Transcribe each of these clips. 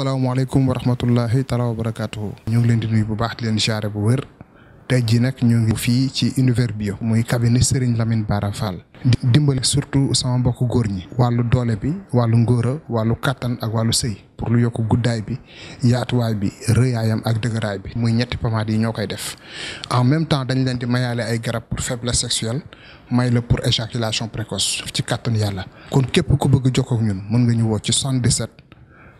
asalaamaaleykum wa rahmatullahi taala wa barakaatuhu. ñoo ngi leen di nuyu bu baax leen siyaare bu wér. tey jii nag ñu ngi fii ci bi bio muy cabinet Serigne Lamine Bara Fall dimbali surtout sama mbokk góor ñi wàllu doole bi wàllu ngóora wàllu kàttan ak wàllu sëy pour lu yokk guddaay bi yaatuwaay bi rëyaayam ak dëgëraay bi muy ñetti pomade yi ñoo koy def en même temps dañ leen di mayaale ay garab pour faiblesse sexuelle may la pour éjaculation précoce ci kàttan yàlla kon képp ku bëgg jokkoo ñun mën nga ñu woo ci 77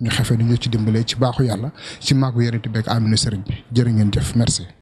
ñu xefee ni ñu ci dimbalee ci baaxu yàlla ci màggu yonent bi ak aminu sëriñ bi jërë ngeen jëf merci.